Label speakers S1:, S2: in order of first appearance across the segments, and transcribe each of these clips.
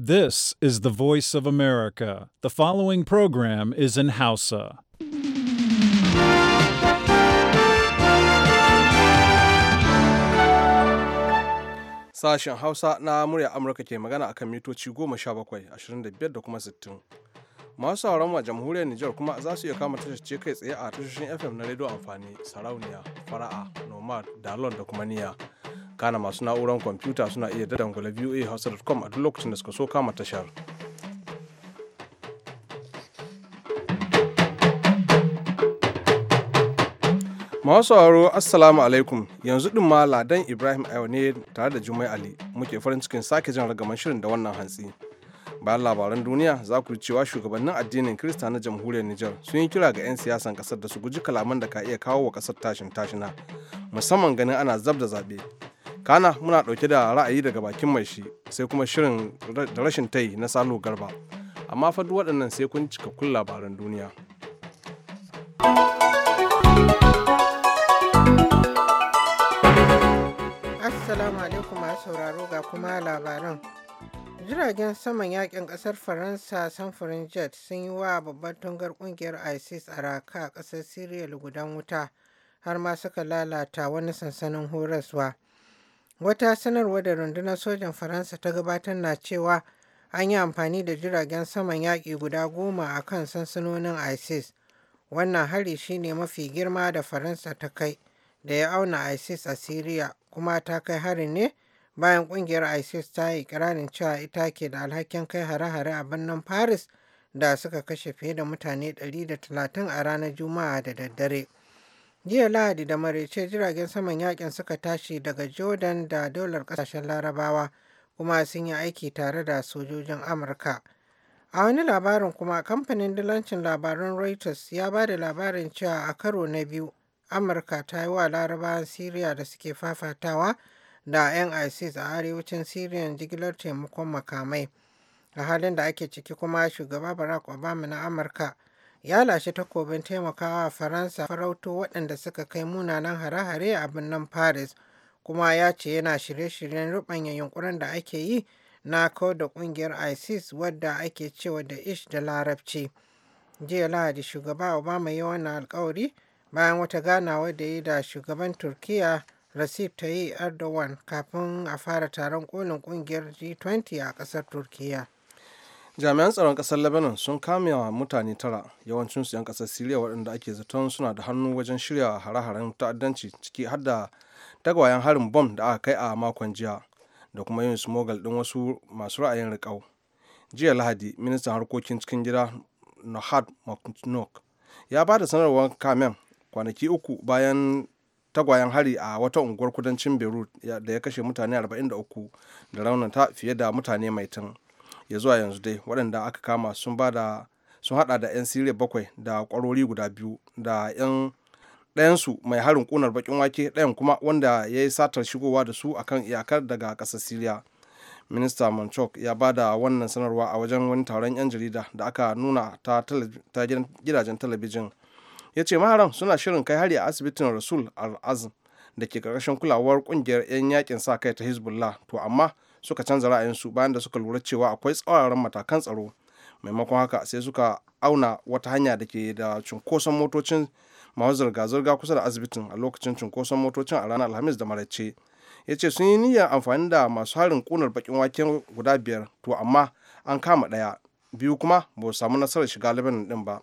S1: This is the voice of America. The following program is in Hausa.
S2: Sashen Hausa na murya Amurka ke magana akan mitoci goma sha bakwai, ashirin da biyar da kuma sittin. Masu sauran wa jamhuriyar Nijar kuma za su iya kama tashar kai tsaye a tashoshin FM na rediyo amfani, sarauniya, fara'a, nomad, dalon da kuma niya. kana masu na'urar kwamfuta suna iya dadangula voa hausa.com a duk lokacin da suka so kama tashar masu sauraro assalamu alaikum yanzu din ma ladan ibrahim ayo ne tare da jumai ali muke farin cikin sake jin ragaman shirin da wannan hantsi bayan labaran duniya za ku cewa shugabannin addinin krista na jamhuriyar niger sun yi kira ga 'yan siyasan kasar da su guji kalaman da ka iya kawo wa kasar tashin tashina musamman ganin ana zab da zaɓe kana muna ɗauke da ra'ayi daga bakin mai shi sai kuma shirin da rashin tai na salo garba amma fa duk waɗannan sai kun cikakkun labaran duniya
S3: assalamu alaikum masu sauraro ga kuma labaran jiragen saman yakin kasar faransa samfurin jet sun yi wa babbar tungar kungiyar isis a raka a kasar syria gudan wuta har ma suka lalata wani sansanin horaswa Wata sanarwa da rundunar sojan Faransa ta gabatar na cewa an yi amfani da jiragen saman yaƙi guda goma a kan sansanonin ISIS. Wannan hari shi ne mafi girma da Faransa ta kai da ya auna ISIS a Syria, kuma ta kai harin ne bayan ƙungiyar ISIS ta yi ƙirarin cewa ita ke da alhakin kai hare-hare a birnin Paris da suka kashe fiye da mutane 130 a ranar Juma'a da daddare. jiya lahadi da maraice jiragen saman yakin suka tashi daga jordan da dolar kasashen larabawa kuma sun yi aiki tare da sojojin amurka a wani labarin kuma kamfanin dilancin labarun reuters ya ba da labarin cewa a karo na biyu amurka ta yi wa larabawan syria da suke fafatawa da yan isis a arewacin syria jigilar taimakon makamai a halin da ake ciki kuma shugaba barack obama na amurka ya lashe takobin taimakawa Faransa farauto waɗanda suka kai munanan hare-hare a birnin Paris kuma ya ce yana shirye-shiryen rubanya yunkurin da ake yi na kawo da ƙungiyar ISIS wadda ake cewa da ish da larabci. Jiya Lahadi shugaba Obama ya wannan alkawari bayan wata ganawa da yi da shugaban Turkiyya Recep tayi Erdogan kafin a fara taron kolin ƙungiyar G20 a ƙasar Turkiyya.
S2: jami'an tsaron kasar lebanon sun kame mutane tara su 'yan kasar siriya waɗanda ake zaton suna da hannu wajen shirya hare-haren ta'addanci ciki har da tagwayen harin bom da aka kai a makon jiya da kuma yin smogal ɗin wasu masu ra'ayin riƙau jiya lahadi ministan harkokin cikin gida nahad maknok ya ba da sanarwar kamen kwanaki uku bayan tagwayen hari a wata unguwar kudancin beirut da ya kashe mutane 43 da raunata fiye da mutane mai tun. ya zuwa yanzu dai waɗanda aka kama sun bada sun hada da 'yan siriya bakwai da kwarori guda biyu da 'yan ɗayansu mai harin kunar bakin wake ɗayan kuma wanda ya yi satar shigowa da su akan iyakar daga ƙasar siriya minista manchok ya ba da wannan sanarwa a wajen wani taron 'yan jarida da aka nuna ta, gidajen talabijin ya ce maharan suna shirin kai hari a asibitin rasul al-azm da ke ƙarƙashin kulawar ƙungiyar 'yan yakin sa kai ta hezbollah to amma suka canza ra'ayinsu bayan da suka lura cewa akwai tsauraran matakan tsaro maimakon haka sai suka auna wata hanya da ke da cunkoson motocin masu zirga-zirga kusa da asibitin a lokacin cunkoson motocin a ranar alhamis da marace ya ce sun yi niyyar amfani da masu harin kunar bakin waken guda biyar to amma an kama ɗaya biyu kuma ba su samu nasarar shiga lebanon ɗin ba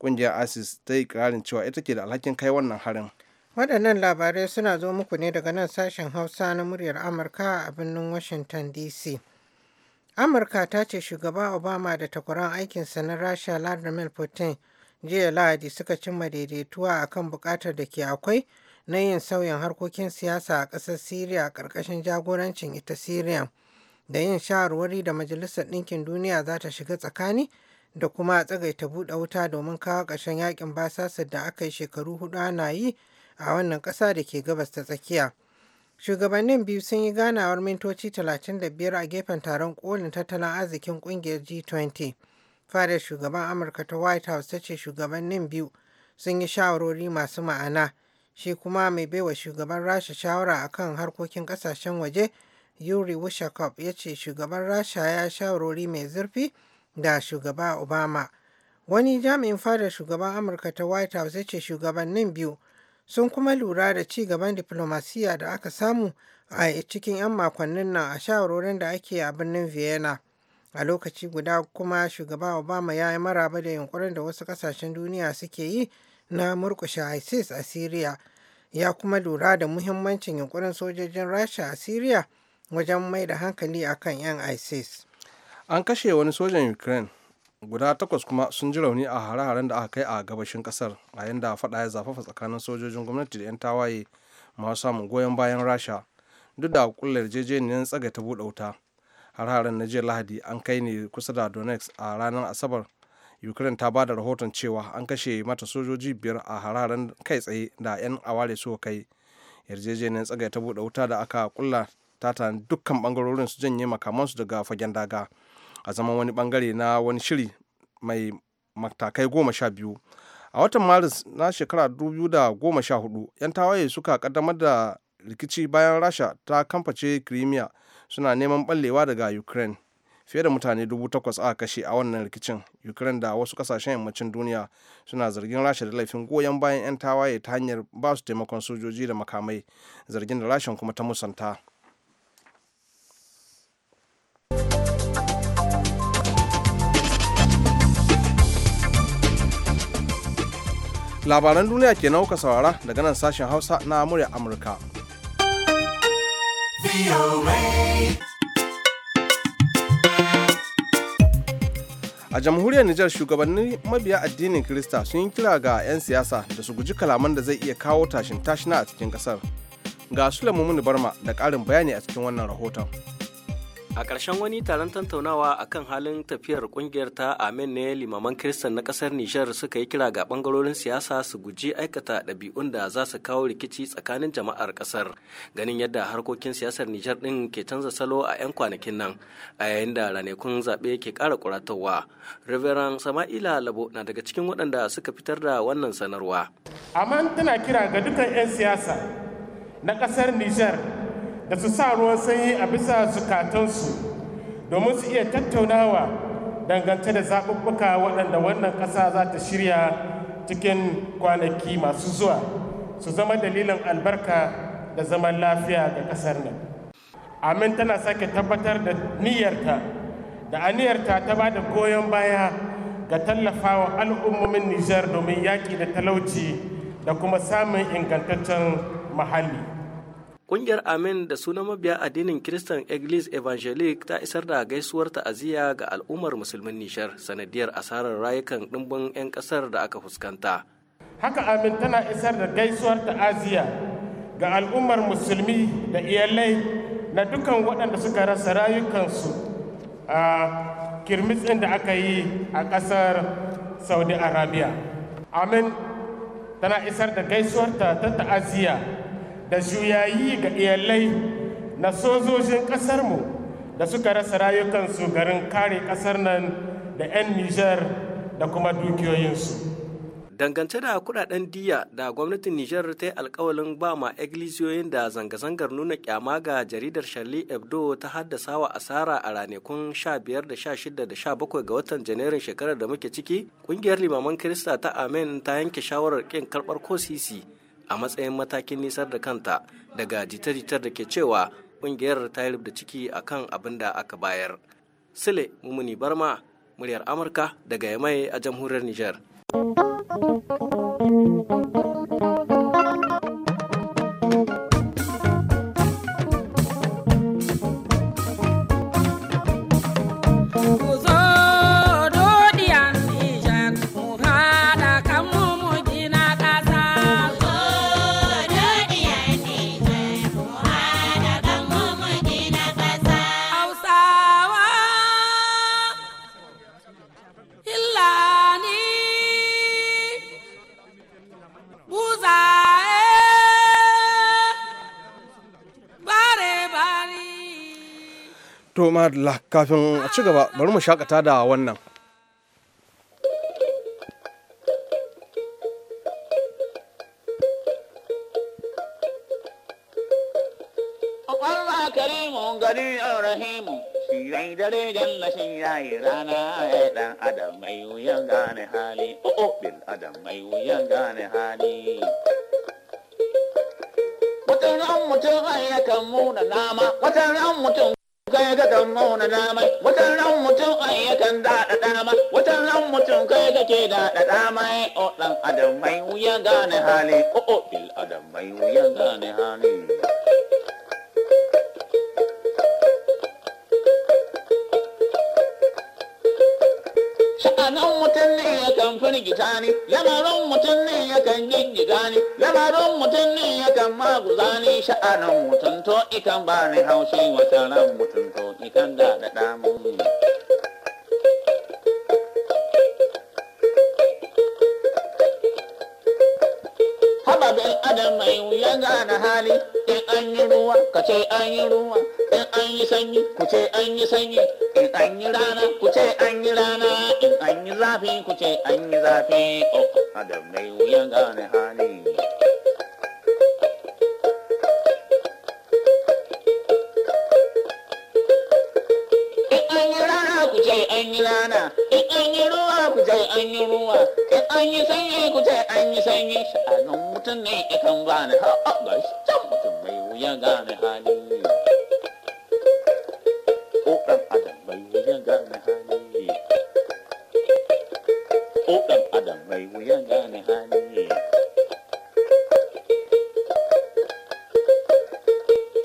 S2: ƙungiyar isis ta yi kirarin cewa ita ke da alhakin kai wannan harin Waɗannan labarai suna zo muku
S3: ne daga nan sashen Hausa na muryar Amurka a birnin Washington DC. Amurka ta ce shugaba Obama da takwaran aikinsa na Rasha Vladimir Putin jiya Lahadi suka cimma daidaituwa kan buƙatar da ke akwai na yin sauyin harkokin siyasa a ƙasar Siriya ƙarƙashin jagorancin ita Siriya da yin shawarwari da Majalisar Ɗinkin Duniya za ta shiga tsakani da kuma a tsagaita buɗe wuta domin kawo ƙarshen yakin basasar da aka yi shekaru hudu ana yi a wannan ƙasa da ke gabas ta tsakiya. Shugabannin biyu sun yi ganawar mintoci 35 a gefen taron kolin tattalin arzikin ƙungiyar G20. Fadar shugaban Amurka ta White House ta ce shugabannin biyu sun yi shawarori masu ma'ana. Shi kuma mai baiwa shugaban Rasha shawara a kan harkokin ƙasashen waje Yuri Wushakov ya ce shugaban Rasha ya shawarori mai zurfi da shugaba Obama. Wani jami'in fadar shugaban Amurka ta White House ya ce shugabannin biyu sun kuma lura da ci gaban diflomasiyya da aka samu a cikin 'yan makonnin nan a shawarorin da ake a birnin vienna a lokaci guda kuma shugaba obama ya yi maraba da yunkurin da wasu kasashen duniya suke yi na murkushe isis a syria ya kuma lura da muhimmancin yunkurin sojojin rasha a syria wajen mai da hankali akan 'yan isis
S2: an kashe wani sojan ukraine guda takwas kuma sun ji rauni a hare-haren da aka kai a gabashin kasar a yadda faɗa ya zafafa tsakanin sojojin gwamnati da 'yan tawaye masu samun goyon bayan rasha duk da kullar yarjejeniyar tsaga ta buɗe wuta har-haren na jiya lahadi an kai ne kusa da donetsk a ranar asabar ukraine ta ba da rahoton cewa an kashe mata sojoji biyar a hare-haren kai tsaye da 'yan aware suka kai yarjejeniyar tsagai ta buɗe wuta da aka kulla ta dukkan bangarorin su janye makamansu daga fagen daga a zaman wani bangare na wani shiri mai matakai goma sha biyu a watan maris na shekara 2014 'yan tawaye suka kaddamar da rikici bayan rasha ta kamface crimea suna neman ballewa daga ukraine fiye da mutane dubu takwas aka kashe a wannan rikicin ukraine da wasu kasashen yammacin duniya suna zargin rasha da laifin goyon bayan 'yan tawaye ta hanyar ba su taimakon sojoji da makamai zargin da rashin kuma ta musanta labaran duniya ke nauka saurara daga nan sashen hausa na murya amurka a jamhuriyar nijar shugabannin mabiya addinin kirista sun yi kira ga 'yan siyasa da su guji kalaman da zai iya kawo tashin tashina a cikin kasar ga sulaimu barma da ƙarin bayani a cikin wannan rahoton
S1: a ƙarshen wani taron tattaunawa a kan halin tafiyar ƙungiyar ta Amin ne limaman kiristan na ƙasar nijar suka yi kira ga ɓangarorin siyasa su guji aikata ɗabi'un da za su kawo rikici tsakanin jama'ar ƙasar ganin yadda harkokin siyasar nijar ɗin ke canza salo a 'yan kwanakin nan a yayin da ranakun zaɓe ke ƙara kuratowa reverend sama'ila labo na daga cikin waɗanda suka fitar da wannan sanarwa
S4: Amman tana kira ga dukkan 'yan siyasa na ƙasar nijar da su sa ruwan sanyi a bisa sukatansu domin su iya tattaunawa dangance da zaɓuɓɓuka waɗanda wannan ƙasa za ta shirya cikin kwanaki masu zuwa su zama dalilin albarka da zaman lafiya ga ƙasar nan amin tana sake tabbatar da niyyarta da aniyarta ta ba da goyon baya ga tallafawa al'ummomin nijar domin yaƙi da talauci da kuma samun ingantaccen muhalli.
S1: Ƙungiyar Amin da suna mabiya addinin Kiristan Eglis evangelic ta isar da gaisuwar ta'aziyya ga al'ummar musulmin Nishar sanadiyar asarar rayukan ɗimbin 'yan ƙasar da aka
S4: fuskanta. Haka Amin tana isar da gaisuwar ta'aziyya ga al'ummar musulmi da iyalai na dukan waɗanda suka rasa rayukansu a kirmitsin da aka yi a ƙasar Saudi Arabia. Amin tana isar da gaisuwar ta ta'aziyya da juyayi ga iyalai na sojojin mu da suka rasa rayukansu garin kare kasar nan da 'yan Nijar da kuma dukiyoyinsu.
S1: Dangance da kudaden diya da gwamnatin Nijar ta yi alkawalin ba ma egilisiyoyin da zanga-zangar nuna kyama ga jaridar Charlie Hebdo ta haddasa wa asara a ranakun 15 da 16 da 17 ga watan Janairun shekarar da muke ciki, kungiyar limaman krista ta Amen ta yanke shawarar kin karbar ko sisi a matsayin matakin nisar da kanta daga jita-jitar da ke cewa ƙungiyar ta yi da ciki a kan abin da aka bayar. Sile Mumuni Barma, muryar Amurka daga Yamai a jamhuriyar Nijar.
S2: To madalla kafin a ci gaba bari mu shakata da wannan.
S5: shirai dare janna shirai rana ya dan adam mai wuyan gane hali o'o oh, oh, bil adam mai wuyan gane hali wata ran mutum ayyakan muna nama wata ran mutum kai ga kan mauna dama watan ran mutum ai yakan daɗa dama watan ran mutum kai ga ke daɗa dama eh, o oh, dan adam mai wuya gane hali o oh, o oh, bil adam mai wuya gane hali sha'anan mutum ne yakan firgita ni lamarin mutum ne yakan gingida ne lamarin mutum ne yakan maguza ni sha'anin mutum to ikan ba ni haushi wata ran mutum to ikan da da damun Haba adam mai wuya gane hali in an yi ruwa ka ce an yi ruwa in an yi sanyi ku ce an yi sanyi in an yi rana ku ce an yi rana in an yi zafi ku ce an yi zafi oh adam mai wuyan gane hali an yi rana in an yi ruwa ku ce an yi ruwa in an yi sanyi ku ce an yi sanyi sha'anin mutum ne ikan bani ha'a ga shi can mutum mai wuya gane hali wuyan gane hali ko ɗan adam mai wuyan gane hali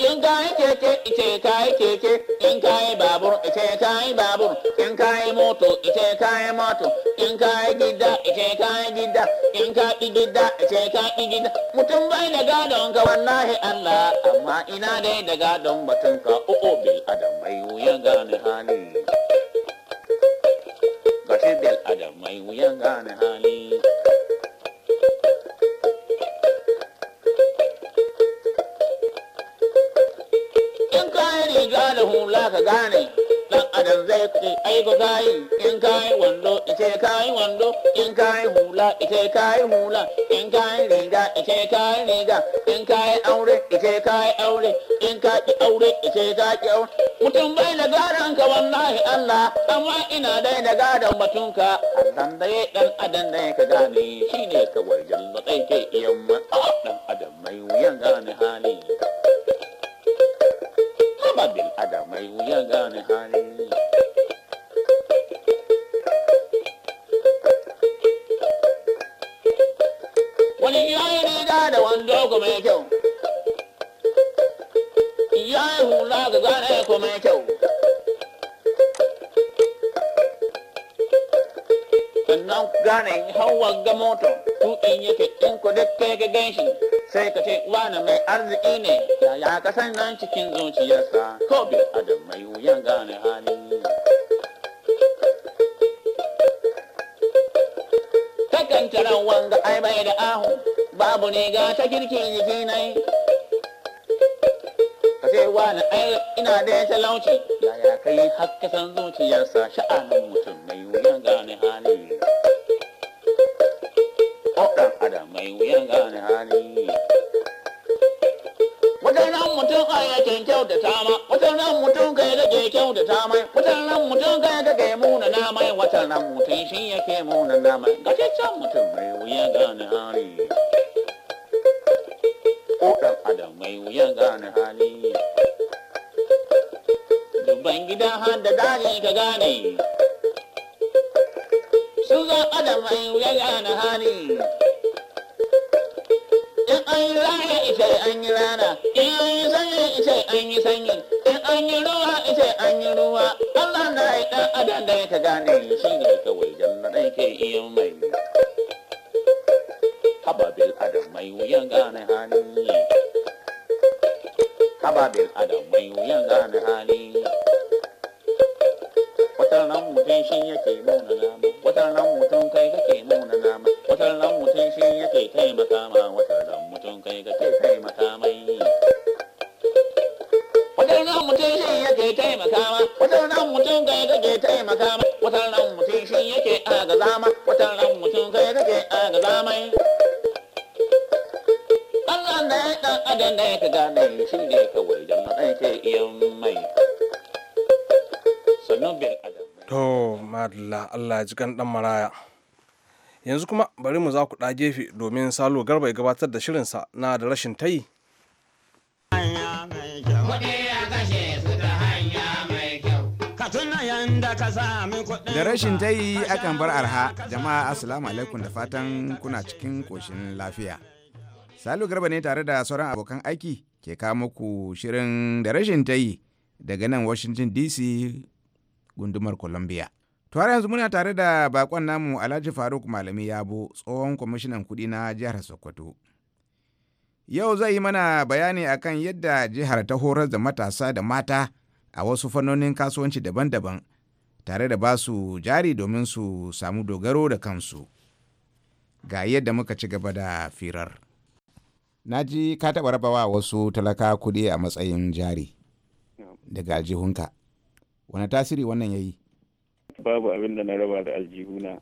S5: in kayi keke ice kayi keke in kayi babur ice kayi babur in kayi moto ice kayi moto in ka gida ce ka gida in ka gida ce ka gida mutum bai da gadon ka wallahi Allah amma ina dai da gadon batun ka o'o bil adam mai wuyan gane hali gashi bil adam mai wuyan gane hali in ka riga da hula ka gane adam zai ce ai ba kai in kai wando ite kai wando in kai hula ite kai hula in kai riga ite kai riga in kai aure ite kai aure in kai aure ite ki aure mutum bai da garan ka wallahi Allah amma ina dai da garan batun ka da dai dan adam dai ka gane shine kawai jalla kai ke iyan ah, dan adam mai wuyan gane hali ba bil adamai wuya gane hali wani yayi riga da wando kuma mai kyau yayi hula ga gane ko mai kyau sannan gane hawa ga motor tukin yake in ku duk kai ga ganshi sai ka ce wani mai arziki ne yaya ka san nan cikin zuciyarsa ko bi adam mai wuyan gane hali takan taran wanga ai bai da ahu babu ne ga ta girki yake nai ka ce wani ai ina da ya talauci yaya kai hakkasan san zuciyarsa sha'anin mutum mai wuyan gane hali ko ɗan adam mai wuyan gane hali wataran mutum a yakin kyautata ma wataran mutum kai da ke kyautata mai wataran mutum kai da ke muna na mai wataran mutum shi ke muna na mai gashaccen mutum mai wuyan gane hali ko ɗan adam mai wuyan gane hali Dubban gida har da dani ka gane. sun zan adam mai wuya na hali. in an yi rana ita an yi rana in an yi sanyi ita an yi sanyi in an yi ruwa ita an yi ruwa Allah na yi dan adam da ka gane shi ne kawai jannatai ke iya mai haba adam mai wuya gane hali haba bil adam mai wuya gane hali wata nan mutum shi yake nuna namu wata ran mutum kai kake nuna nama wata ran mutum shi yake taimaka ma wata ran mutum kai kake taimaka mai wata ran mutum shi yake taimaka ma wata ran mutum kai kake taimaka ma wata ran mutum shi yake agaza zama wata ran mutum kai kake agaza mai Allah ne dan adam ne ka gane shi ne kawai jama'a ke iyan mai sannan bil adam
S2: To, madalla Allah ji kan ɗan maraya. Yanzu kuma bari mu za ku ɗa gefe domin Salo Garba ya gabatar da shirinsa na da rashin tayi.
S6: Da rashin tayi akan bar arha, jama'a Assalamu alaikum da fatan kuna cikin ƙoshin lafiya. Salo Garba ne tare da sauran abokan aiki ke kawo muku shirin da rashin tayi daga nan Washington DC gundumar columbia to har yanzu muna tare da bakon namu alhaji faruk malami yabo tsohon kwamishinan kuɗi na jihar sokoto yau zai yi mana bayani akan yadda jihar ta horar da matasa da mata a wasu fannonin kasuwanci daban-daban tare da ba su jari domin su samu dogaro da kansu ga yadda muka ci gaba da firar na ji ka taɓa rabawa wasu talaka kuɗi a matsayin jari daga aljihunka wani tasiri wannan ya yi
S7: babu abin da na raba da aljihuna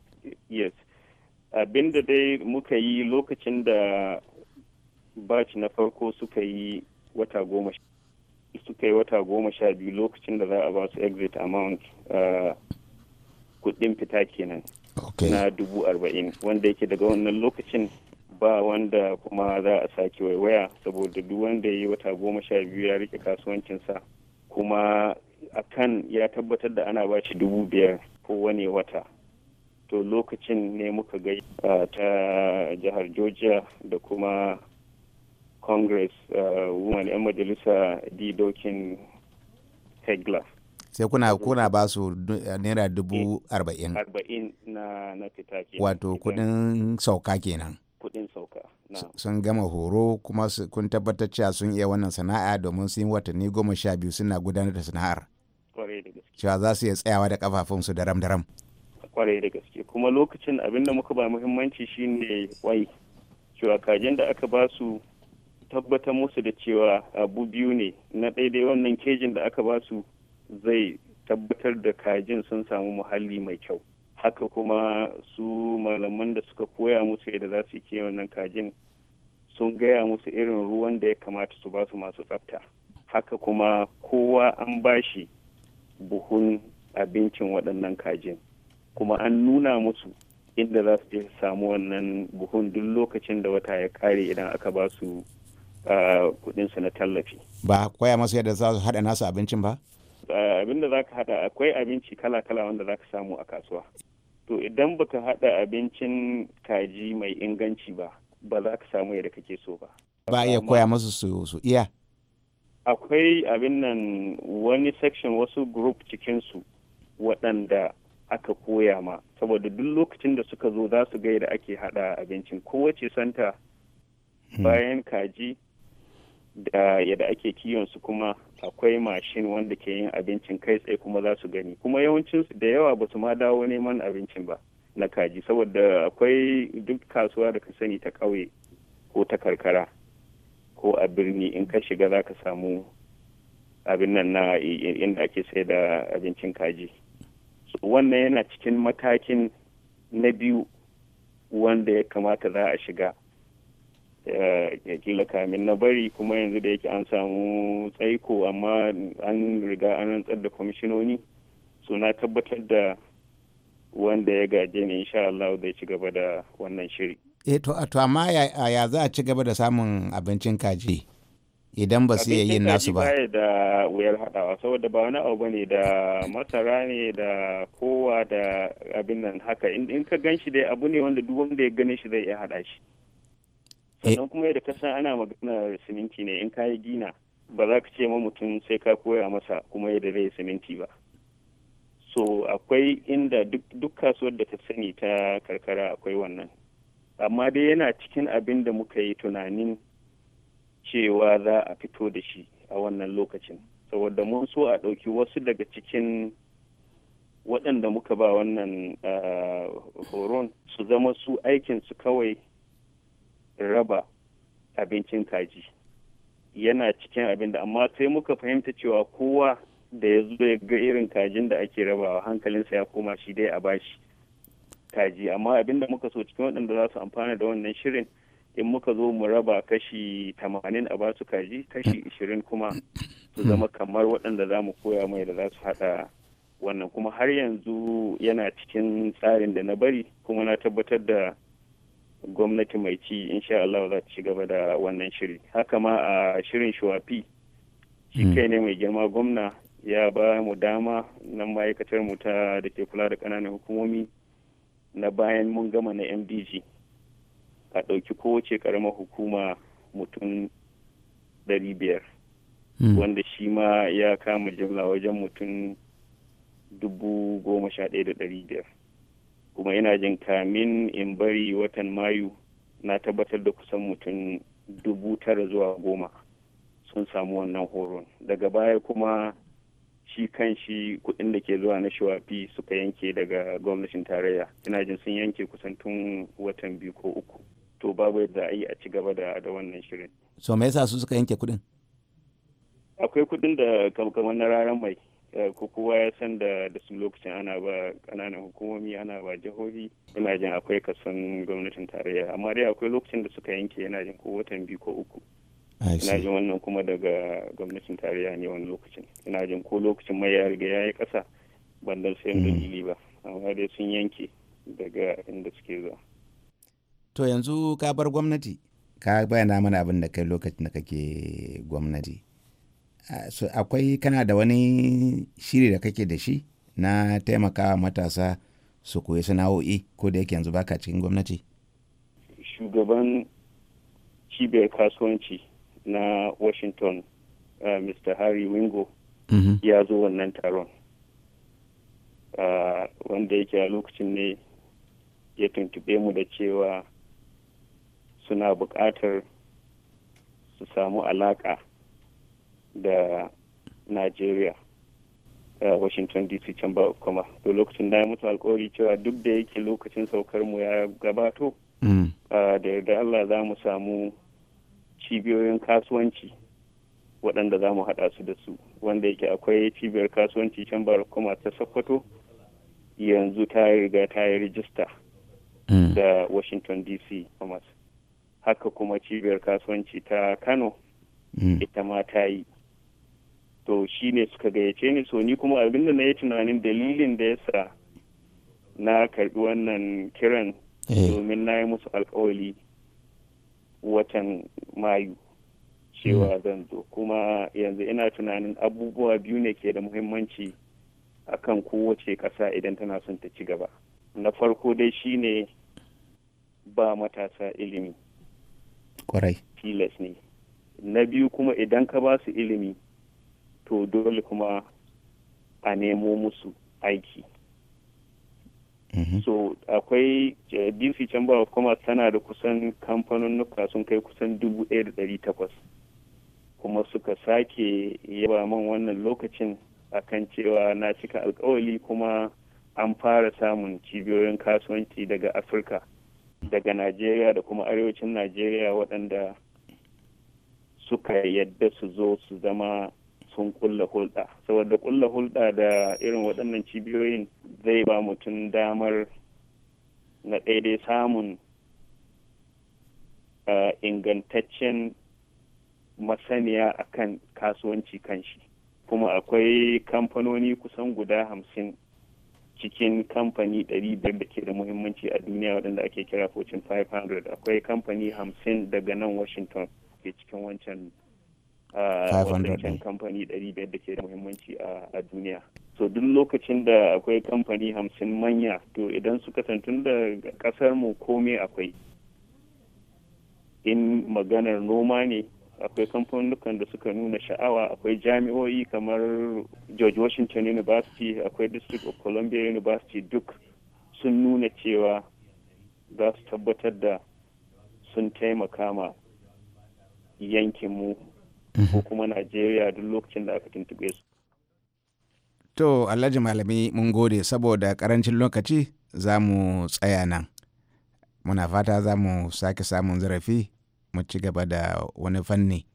S7: yes abin da dai muka yi lokacin da baci na farko suka yi wata goma suka yi wata goma sha biyu lokacin da za a ba su exit amount uh, kudin fita kenan na dubu arba'in wanda yake daga wannan lokacin ba wanda kuma za a sake waiwaya saboda duk wanda ya yi wata goma sha biyu ya rike kasuwancinsa kuma akan ya tabbatar da ana bashi dubu biyar kowane wata to lokacin ne muka gai uh, ta jihar georgia da kuma congress uh, woman yan majalisa di dokin hegler
S6: sai kuna kuna ba su uh, naira dubu eh, arba'in
S7: na fita wato kudin
S6: sauka kenan kuɗin sauka. Sun gama horo kuma kun tabbatar cewa sun iya wannan sana'a domin sun yi watanni goma sha biyu suna gudanar da sana'ar.
S7: Kwarai da gaske.
S6: Cewa za su iya tsayawa da kafafunsu daram daram.
S7: Kwarai da gaske kuma lokacin abin da muka ba muhimmanci shine wai cewa kajin da aka ba su tabbatar musu da cewa abu biyu ne na daidai wannan kejin da aka ba su zai tabbatar da kajin sun samu muhalli mai kyau. haka kuma su malaman da suka koya musu yadda za su yi wannan kajin sun gaya musu irin ruwan da ya kamata su ba su masu tsafta haka kuma kowa an ba shi buhun abincin waɗannan kajin kuma an nuna musu inda za su je samu wannan buhun duk lokacin da wata ya kare idan aka ba su kudinsu na tallafi.
S6: Ba koya masu yadda za su haɗa nasu abincin ba?
S7: Abin da za ka haɗa akwai abinci kala-kala wanda za ka samu a kasuwa. to idan baka hada abincin kaji mai inganci ba ba za ka samu yadda kake so ba
S6: ba iya koya masu su su iya
S7: akwai abin nan wani section wasu group cikinsu waɗanda aka koya ma saboda duk lokacin da suka zo za su gaida ake hada abincin kowace santa hmm. bayan kaji da yadda ake kiwon su kuma akwai mashin wanda ke yin abincin kai tsaye kuma za su gani kuma yawancinsu da yawa ba su ma dawo neman abincin ba na kaji saboda akwai duk kasuwa da ka sani ta ƙauye ko ta karkara ko a birni in ka shiga za ka samu abin nan na inda ake sai da abincin kaji wannan yana cikin matakin na biyu wanda ya kamata za a shiga Eh, kila kamin na bari kuma yanzu da yake an samu tsaiko amma an riga an rantsar da kwamishinoni suna tabbatar da wanda ya gaje ne insha Allah zai ci gaba da wannan shiri.
S6: E to a amma ya za a ci gaba da samun abincin kaji idan ba su yin nasu ba. Abincin
S7: kaji da wuyar hadawa saboda ba wani abu ne da masara ne da kowa da abin nan haka in ka gan shi dai abu ne wanda duk wanda ya gani shi zai iya hada shi. Eh. sannan kuma yadda ka san ana magana siminti ne in kayi gina ba za ka ce ma mutum sai ka koya masa kuma yadda zai siminti ba so akwai inda duk kasuwar da ta sani ta karkara akwai wannan amma dai yana cikin abin da muka yi tunanin cewa za a fito da shi a wannan lokacin saboda mun so a ɗauki wasu daga cikin waɗanda muka ba wannan ah, horon su zama su aikin su kawai raba abincin kaji yana cikin abin da amma sai muka fahimta cewa kowa da ya zo ya ga irin kajin da ake rabawa hankalinsa ya koma shi dai a bashi kaji amma abin da muka so cikin waɗanda za su amfana da wannan shirin in muka zo mu raba kashi tamanin a basu kaji kashi ishirin kuma su zama kamar waɗanda za mu koya mai da za su haɗa wannan kuma har yanzu yana cikin tsarin da na bari kuma na tabbatar da gwamnati mai ci insha Allah za ta ci gaba da wannan shiri haka ma a shirin shuwafi shi hmm. kai ne mai girma gwamna ya ba mu dama nan ma'aikatar mu ta da ke kula da ƙananan hukumomi na bayan mun gama na mdg a ɗauki kowace karamar hukuma mutum ɗari biyar hmm. wanda shi ma ya kama jimla wajen mutum dubu goma sha ɗaya da ɗari biyar kuma ina jin kamin in bari watan mayu na tabbatar da kusan mutum dubu tara zuwa goma sun samu wannan horon daga baya kuma shi kan shi kuɗin da ke zuwa na shawafi suka yanke daga gwamnatin tarayya ina jin sun yanke kusan tun watan biyu ko uku to babu yadda a yi a ci gaba da da wannan shirin
S6: so me yasa su suka yanke kuɗin
S7: akwai kuɗin da kamar na raran mai Eh, ko kowa ya san da da su lokacin ana ba kananan hukumomi ana ba jihohi ina jin akwai kasan gwamnatin tarayya amma dai akwai lokacin da suka yanke yana jin ko watan biyu ko uku ina jin wannan kuma daga gwamnatin tarayya ne wani lokacin ina jin ko lokacin mai ya riga ya yi ƙasa ban dan sayan hmm. dalili ba amma dai sun yanke daga inda suke zuwa
S6: to yanzu ka bar gwamnati ka bayyana mana abin da kai lokacin da kake gwamnati akwai kana da wani shiri da kake da shi na taimakawa matasa su koyi sana'o'i ko da yake yanzu baka cikin gwamnati
S7: shugaban cibiyar kasuwanci na washington uh, mr harry wingo mm -hmm. ya zo wannan taron uh, wanda yake a lokacin ne ya tuntube mu da cewa suna buƙatar su samu alaƙa da Najeriya a eh, Washington DC can ba kuma to lokacin da ya mutu alkawari cewa duk da yake lokacin saukar mu ya gabato mm. ah, da yarda Allah za mu samu cibiyoyin kasuwanci waɗanda za mu haɗa su da su wanda yake akwai cibiyar kasuwanci can ba kuma ta Sokoto yanzu ta riga ta yi rijista mm. da Washington DC haka kuma cibiyar kasuwanci ta Kano mm. ita ma ta yi to shi ne suka gayyace ni so ni kuma abin da na yi tunanin dalilin da ya sa na karbi wannan kiran eh. domin na yi musu alkawali watan mayu cewa hmm. zan zo kuma yanzu ina tunanin abubuwa biyu ne ke da muhimmanci kan kowace ƙasa idan tana son ta ci gaba na farko dai shi ne ba matasa ilimi kwarai tilas ne na biyu kuma idan ka ba su ilimi to dole kuma a nemo musu aiki mm-hmm. so akwai eh, dc chamber of commerce tana da kusan nuka sun kai kusan dubu ɗaya da ɗari takwas kuma suka sake yaba man wannan lokacin a kan cewa na cika alkawali kuma an fara samun cibiyoyin kasuwanci daga afirka daga najeriya da kuma arewacin najeriya waɗanda suka yadda su zo su zama sun kulla hulɗa saboda kulla hulɗa da irin waɗannan cibiyoyin zai ba mutum damar na daidai samun eh, ingantaccen masaniya a kan kasuwanci kanshi kuma akwai kamfanoni kusan guda hamsin cikin kamfani ɗari biyar da ke da muhimmanci a duniya waɗanda ake kira fortune 500 akwai kamfani hamsin daga nan washington ke cikin wancan Uh, wasan kamfani 500 da ke da muhimmanci a duniya so duk lokacin da akwai kamfani hamsin manya to idan suka tantun da kasar mu komai akwai in maganar noma ne akwai kamfanonukan da suka nuna sha'awa akwai jami'o'i kamar george washington university akwai district of columbia university duk sun nuna cewa za su tabbatar da sun taimaka ma yankinmu ko mhm. kuma najeriya duk lokacin da aka tuntube su
S6: to alhaji malami mun gode saboda karancin lokaci za mu tsaya nan muna fata za mu sake samun zarafi mu ci gaba da wani fanni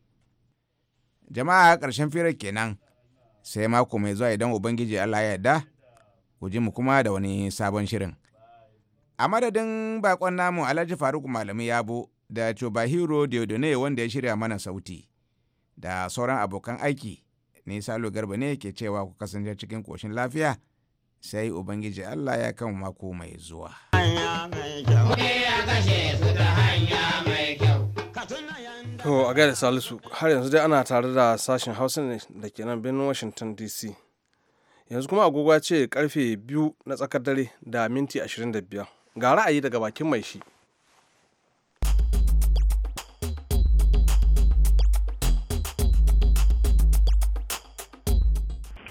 S6: jama'a ƙarshen firar kenan sai mako mai zuwa idan ubangiji allah ya yarda ku ji mu kuma da wani sabon shirin a madadin bakon namu alhaji faruk malami yabo da chobahiro diodone wanda ya shirya mana sauti da sauran abokan aiki ne salo garba ne ke cewa ku kasance cikin koshin lafiya sai ubangiji
S2: allah ya kan mako mai zuwa to a gaida salisu har yanzu dai ana tare da sashen hausa ne da ke nan birnin washington dc yanzu kuma agogo ce karfe biyu na tsakar dare da minti 25 ga ra'ayi daga bakin mai shi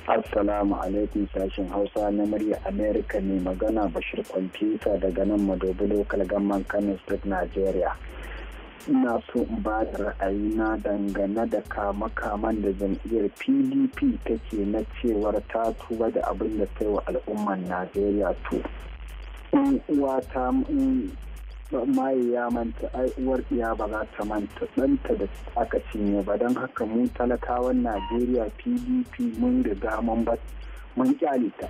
S7: Assalamu alaikum sashen Hausa na murya Amerika ne magana Bashir Kwamfuta daga nan Madobi Local Gamman Kano State Nigeria. Ina so in ba da ra'ayina dangane da kama-kaman da jam'iyyar PDP take na cewar ta tuba da abin da ta yi wa al'umman
S1: Najeriya to.
S7: uwa ta mai ya manta ai uwar iya ba za ta manta danta da aka cinye ba don haka mu talakawan najeriya pdp mun riga mun mun kyalita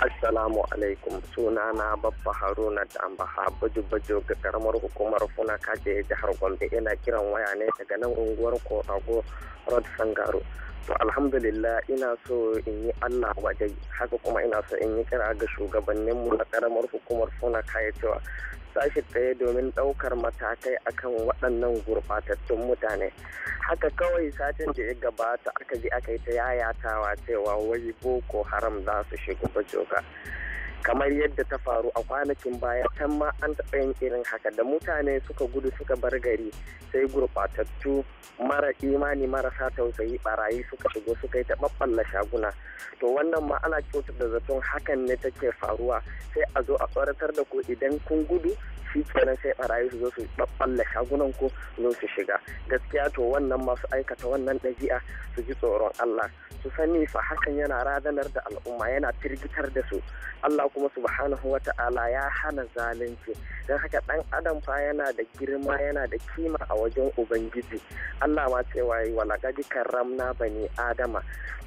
S8: Assalamu alaikum suna na babba haruna da ambaha bajo bajo ga karamar hukumar funa kaje jihar gombe ina kiran waya ne daga nan unguwar korago rod sangaro to alhamdulillah ina so in yi allah wajen haka kuma ina so in yi kira ga shugabanninmu na karamar hukumar funa kaya cewa Sashi tsaye domin ɗaukar matakai akan waɗannan gurɓatattun mutane haka kawai satin da ya gabata aka ji aka yi ta yayatawa cewa wai boko haram za su shigo bajoka kamar yadda ta faru a kwanakin baya can ma an taɓa yin irin haka da mutane suka gudu suka bar gari sai gurɓatattu mara imani marasa tausayi barayi suka shigo suka yi taɓaɓɓalla shaguna to wannan ma ana kyautar da zaton hakan ne take faruwa sai a zo a tsoratar da ku idan kun gudu shi kenan sai barayi su zo su ɓaɓɓalla shagunan ku zo su shiga gaskiya to wannan masu aikata wannan ɗabi'a su ji tsoron Allah su sani fa hakan yana radanar da al'umma yana firgitar da su Allah kuma subhanahu wa ta'ala ya hana zalunci don haka dan adam fa yana da girma yana da kima a wajen ubangiji Allah ma cewa yi walakadi karramna bani adama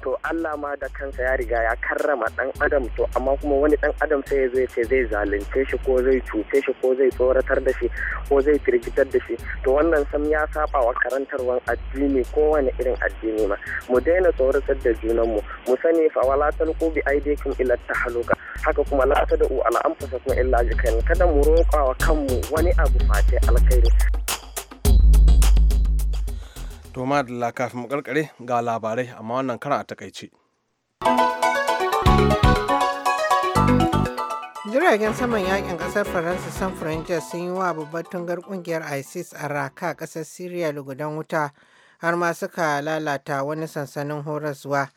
S8: to Allah ma da kansa ya riga ya karrama dan adam to amma kuma wani dan adam sai ya zo ce zai zalunce shi ko zai cuce shi ko zai tsoratar da shi ko zai firgitar da shi to wannan sam ya saba wa karantarwan addini ko wani irin addini ma mu daina tsoratar da junanmu mu sani fa wala talqu bi aidikum ila tahluka haka kuma kuma la ta da ala fasa kuma illa jikan kada mu roƙa wa kanmu wani abu face alkhairi.
S2: To ma da kafin mu karkare ga labarai amma wannan karan a takaice.
S3: jiragen saman yakin kasar faransa san franjas sun yi wa babbar tungar kungiyar isis a raka kasar syria lugudan wuta har ma suka lalata wani sansanin horaswa.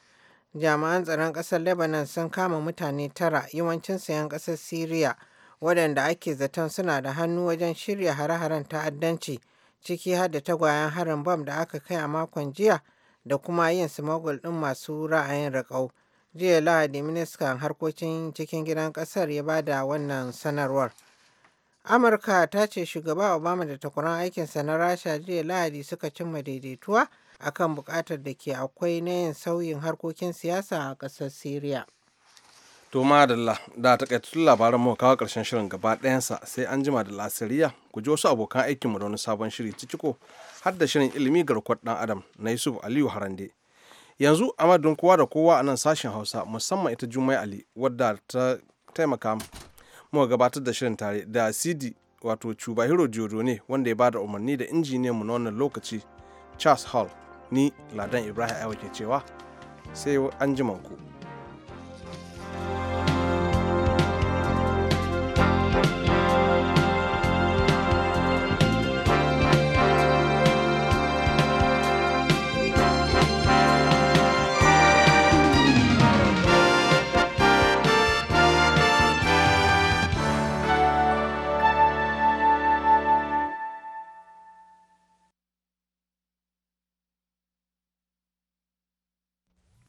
S3: jami'an tsaron ƙasar lebanon sun kama mutane tara yawancin sayan ƙasar syria waɗanda ake zaton suna da hannu wajen shirya hare-haren ta'addanci ciki har da tagwayen harin bam da aka kai a makon jiya da kuma yin smuggle ɗin masu ra'ayin rakau. jiya lahadi ministan harkokin cikin gidan ƙasar ya bada wannan sanarwar amurka ta ce shugaba obama da takwaran aikinsa na rasha jiya lahadi suka cimma daidaituwa akan bukatar da ke akwai na yin sauyin harkokin siyasa a ƙasar syria.
S2: To madalla da takaitattun labaran mu kawo ƙarshen shirin gaba ɗayansa sai an jima da lasiriya ku ji wasu abokan aikinmu da wani sabon shiri ciciko har da shirin ilimi garkuwar ɗan adam na Yusuf Aliyu Harande. Yanzu a madadin kowa da kowa a nan sashen Hausa musamman ita Jummai Ali wadda ta taimaka mu gabatar da shirin tare da CD wato Chubahiro ne wanda ya bada umarni da injiniyan mu na wannan lokaci Charles Hall. ni ladan ibrahim aiwa ke cewa sai an ku.